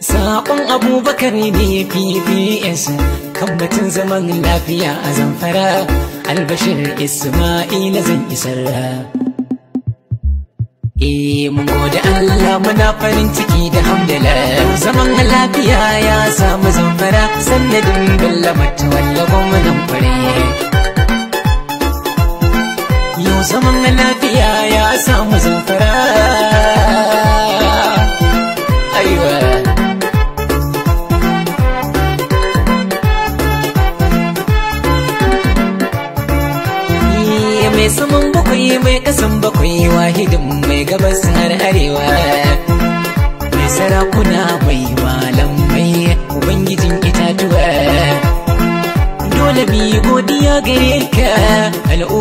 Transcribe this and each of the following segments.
Saƙon abubakar ne PPS kan batun zaman lafiya a zamfara albashir Ismaila zan isar. Eh mun gode Allah muna farin ciki da hamdala zaman lafiya ya samu zamfara sannadin Bello Matawalle gwamnan fare. zaman lafiya ya samu zamfara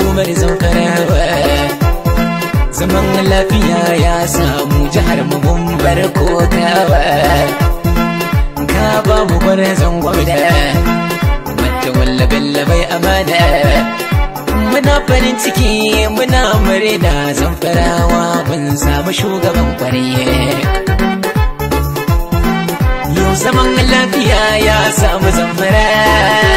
umar zamfarawa zaman lafiya ya samu jihar mu bumbar kawa. ka ba mu gwarzon gwamna mata wallabin labai amana muna farin ciki muna murna zamfarawa mun samu shugaban kwarye yau zaman lafiya ya samu zamfara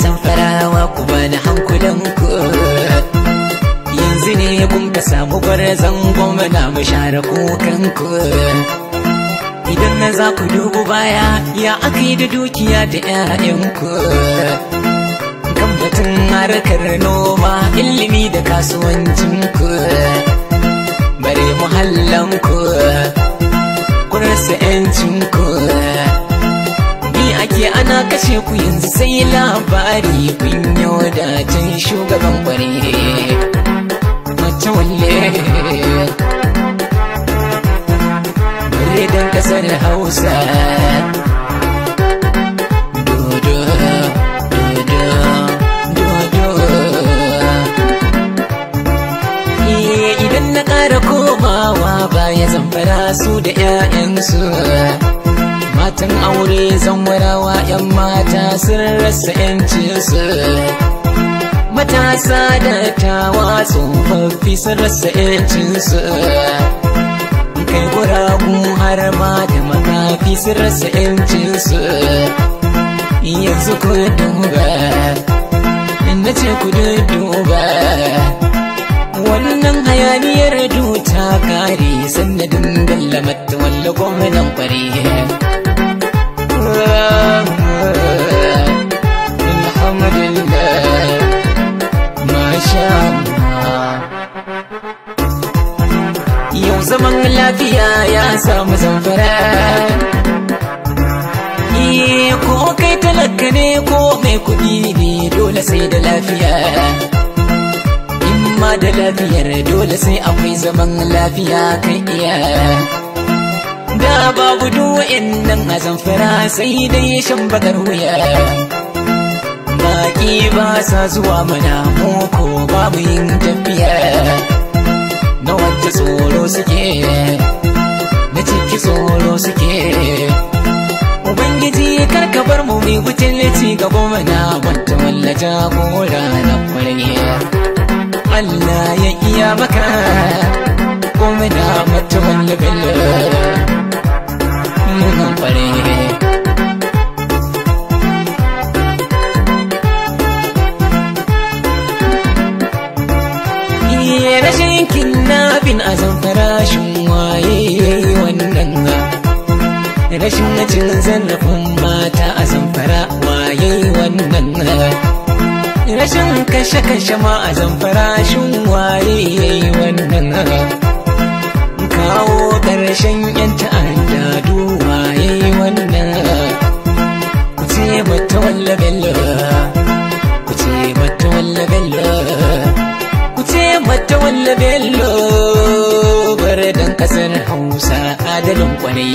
zamfarawa ku bani hankulan ku yanzu ne kun ka samu gwarzan gwamna mu share kukanku ku idan na za ku dubu baya ya aka yi da dukiya da 'ya'yanku kan batun harkar noma ilimi da kasuwancinku bare muhallanku ku rasa ku. ake ana kashe ku yanzu sai labari kun yi wadatan shugaban kware matawalle walle bare kasar hausa eh, Idan na ƙara komawa baya zamfara su da 'ya'yansu matan aure zan warawa 'yan mata sun rasa 'yancinsu matasa da tawa tsofaffi sun rasa 'yancinsu kai guragu har ma da makafi sun rasa 'yancinsu yanzu ku duba na ce ku duba wannan hayaniyar duta kare sannadin gallamata walla gwamnan fari الحمد لله ما شاء الله يوم زمن lafiya ya samu zamfara ko kai talaka ne ko mai kuɗi ne dole sai da lafiya in ma da lafiyar dole sai akwai zaman lafiya kan iya da babu du'in nan a zamfara sai dai shan bakar wuya Baki ba sa zuwa mana ko babu yin tafiya Na wacce tsoro suke, na ciki tsoro suke Ubangiji karka bar mu mai butulci ga goma na wata wallaja ko na kwarge Allah ya iya maka goma na mata bello. mugun rashin kinnafin a zamfarashin wannan ga rashin cin mata a wannan ga rashin kashe-kashe ma a zamfarashin waye wannan ga kawo ƙarshen yan bello ku ce mata walla bello ku ce mata walla bello bare dan kasar Hausa adalin kwanai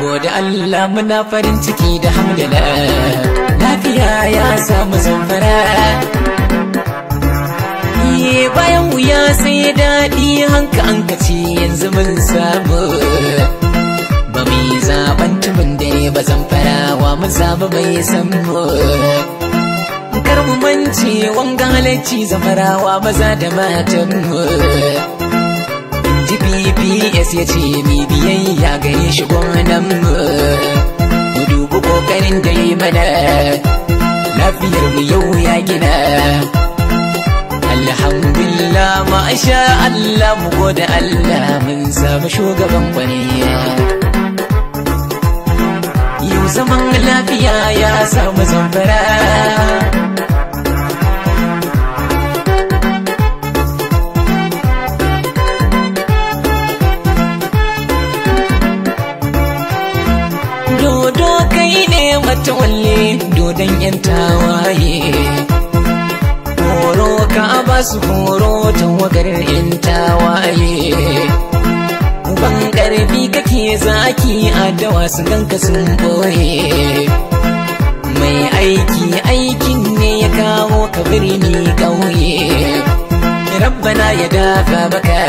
Gode Allah muna farin ciki da hamdala lafiya ya samu zamfara Iye bayan wuya sai ya daɗi hanka an kace yanzu mun samu Ba mu yi zaɓen tubin ne ba zan fara wa mu zaɓi bai san mu Kar mu mance wanga halacci ba maza da matan mu GPS ya ce mi biyayya gare shi gwamnan mu Ku dubi kokarin da yi mana Lafiyar mu yau ya gina alhamdulillah masha Allah mu gode Allah mun samu shugaban kwariya yau zaman lafiya ya samu zambara Dodo kai ne matawalle dodon 'yan tawaye ba su horo tawagar in tawaye ban karfi kake zaki a dawa su ganka sun boye mai aiki aikin ne ya kawo ka birni ƙauye rabbana ya dafa maka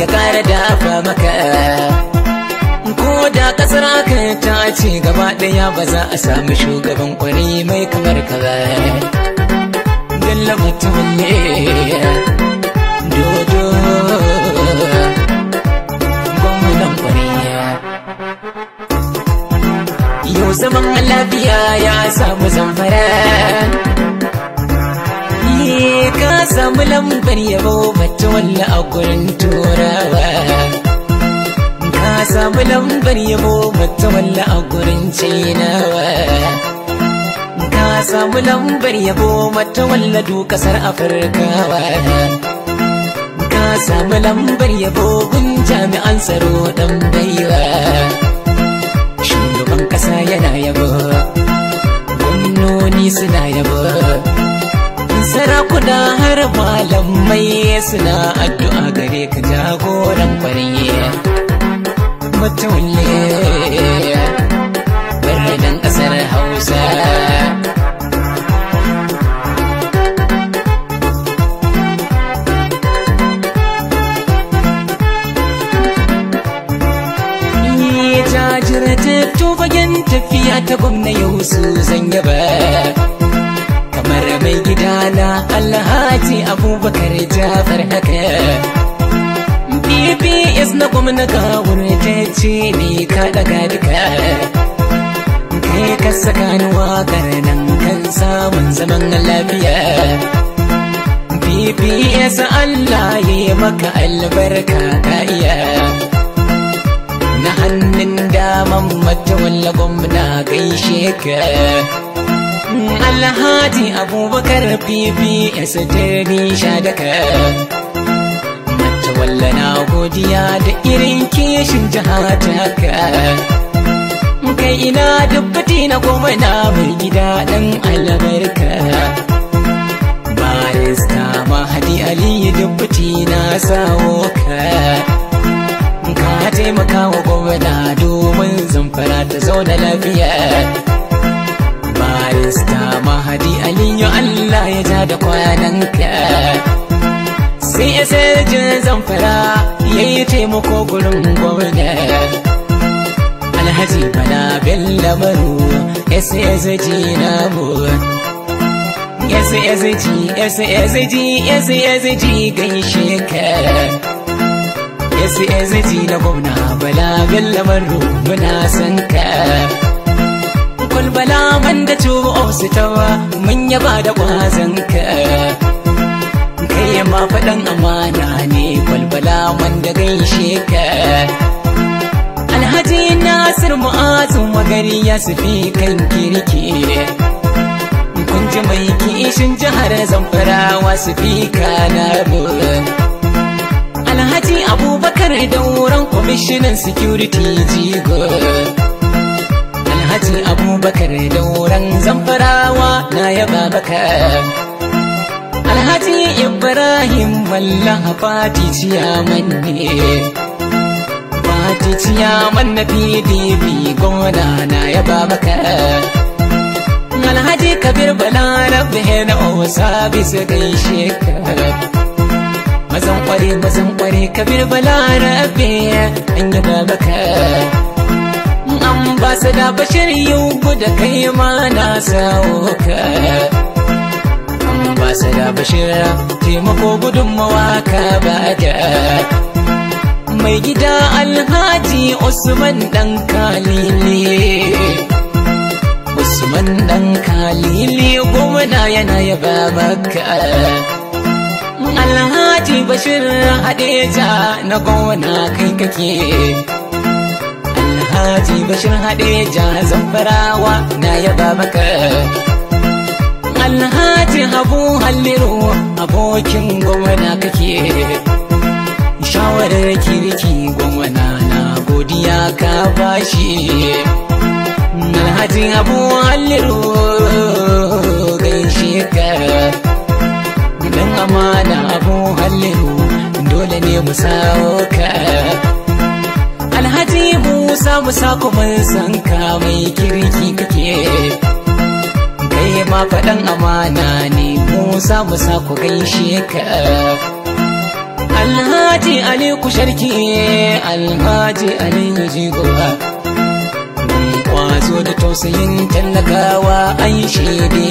ya kara dafa maka ko da kasar aka ta ce gaba daya ba za a samu shugaban kwari mai kamar ka ba bello mutum ne dodo gwamnan kwariya yau zaman lafiya ya samu zamfara ka samu lambar yabo bata walla a gurin turawa ka samu lambar yabo bata walla a gurin cinawa samu lambar yabo mata matawalladu kasar afirka ka samu lambar yabo kun jami'an tsaro dan baiwa shugaban kasa yana yabo gwamnoni suna yabo sarakuna har malamai suna addu'a gare ka jagoran kwarye matawalle fagen tafiya ta gwamna yau su zan yaba kamar mai gida na alhaji abubakar jafar haka bps na gwamna ga ce ne ka daga duka kai ka saka ni wakar nan kan samun zaman lafiya bps allah ya maka albarka ka iya na hannun daman matawalla gwamna gaishe ka alhaji abubakar pps ta nisha da ka matawalla na godiya da irin kishin jihata ka kai ina dubbati na gwamna mai gida dan albarka barista mahadi aliyu dubbati na sawo ka taimaka wa gwamna domin zamfara ta zauna lafiya barista mahadi aliyu allah ya ja da kwananka sai ya sayar zamfara ya yi taimako gurin gwamna alhaji bala bello baro ya zaji na mu. Yes, yes, yes, yes, yes, yes, gaishe ka. SSG na gwamna bala bello baro muna san ka kwalbala man da tuba ositawa mun yaba da kwazon ka kai yamma faɗan amana ne kwalbala man da gaishe ka alhaji nasir mu'azu magari ya sufi kan kirki kun ji mai kishin jihar zamfarawa su fi kana alhaji abubakar dauran kwamishinan security jigo alhaji abubakar dauran zamfarawa na yaba baka alhaji ibrahim wallaha fati ciyaman ne fati ciyaman na pdp gona na yaba baka alhaji kabir balarabe na o bisa gaishe ka bazan kware bazan kware kabir balarabe an yi gaba ka an ba su da bashir yau da kai ma na sawo ka an ba su da bashir taimako gudunmawa ka bada mai gida alhaji usman dan kalili usman dan kalili gwamna yana yaba babaka. alhaji Fati bashirin Hadeja na gona kai kake Alhaji bashirin Hadeja zamfarawa na yaba maka Alhaji Habu Halliru abokin gona kake Shawarar kirki gona na godiya ka bashi Alhaji Habu Halliru gaishe ka Dan amana muhallin dole ne mu sawo ka alhaji musa musa kuma san mai kirki kake kai ma faɗan amana ne musa musa ku gaishe ka alhaji ali ku sharki alhaji ali jigo kwazo da tausayin tallakawa an shaide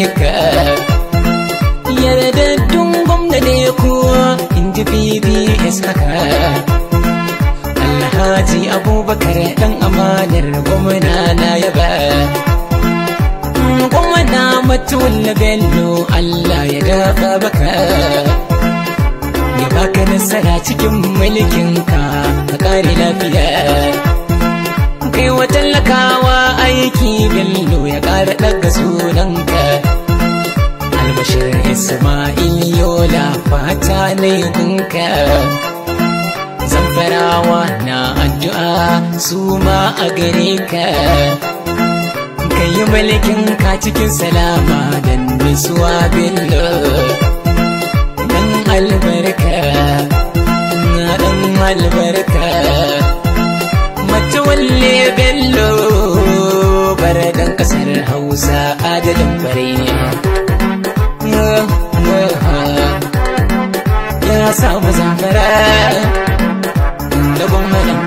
abubakar dan amanar gwamna na yaba gwamna matuwalla bello allah ya dafa baka ya baka nasara cikin mulkinka ka kare lafiya kai wa tallakawa aiki bello ya kara ɗaga sunanka albashir ismail yola fata na gunka talakawa na addu'a su ma a gare ka kayi yi mulkin ka cikin salama don nisuwa bello dan albarka na dan albarka matawalle bello bar dan kasar hausa adadin bare ya samu zafara da gwamnatin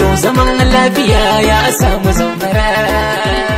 yau zaman lafiya ya samu zaunara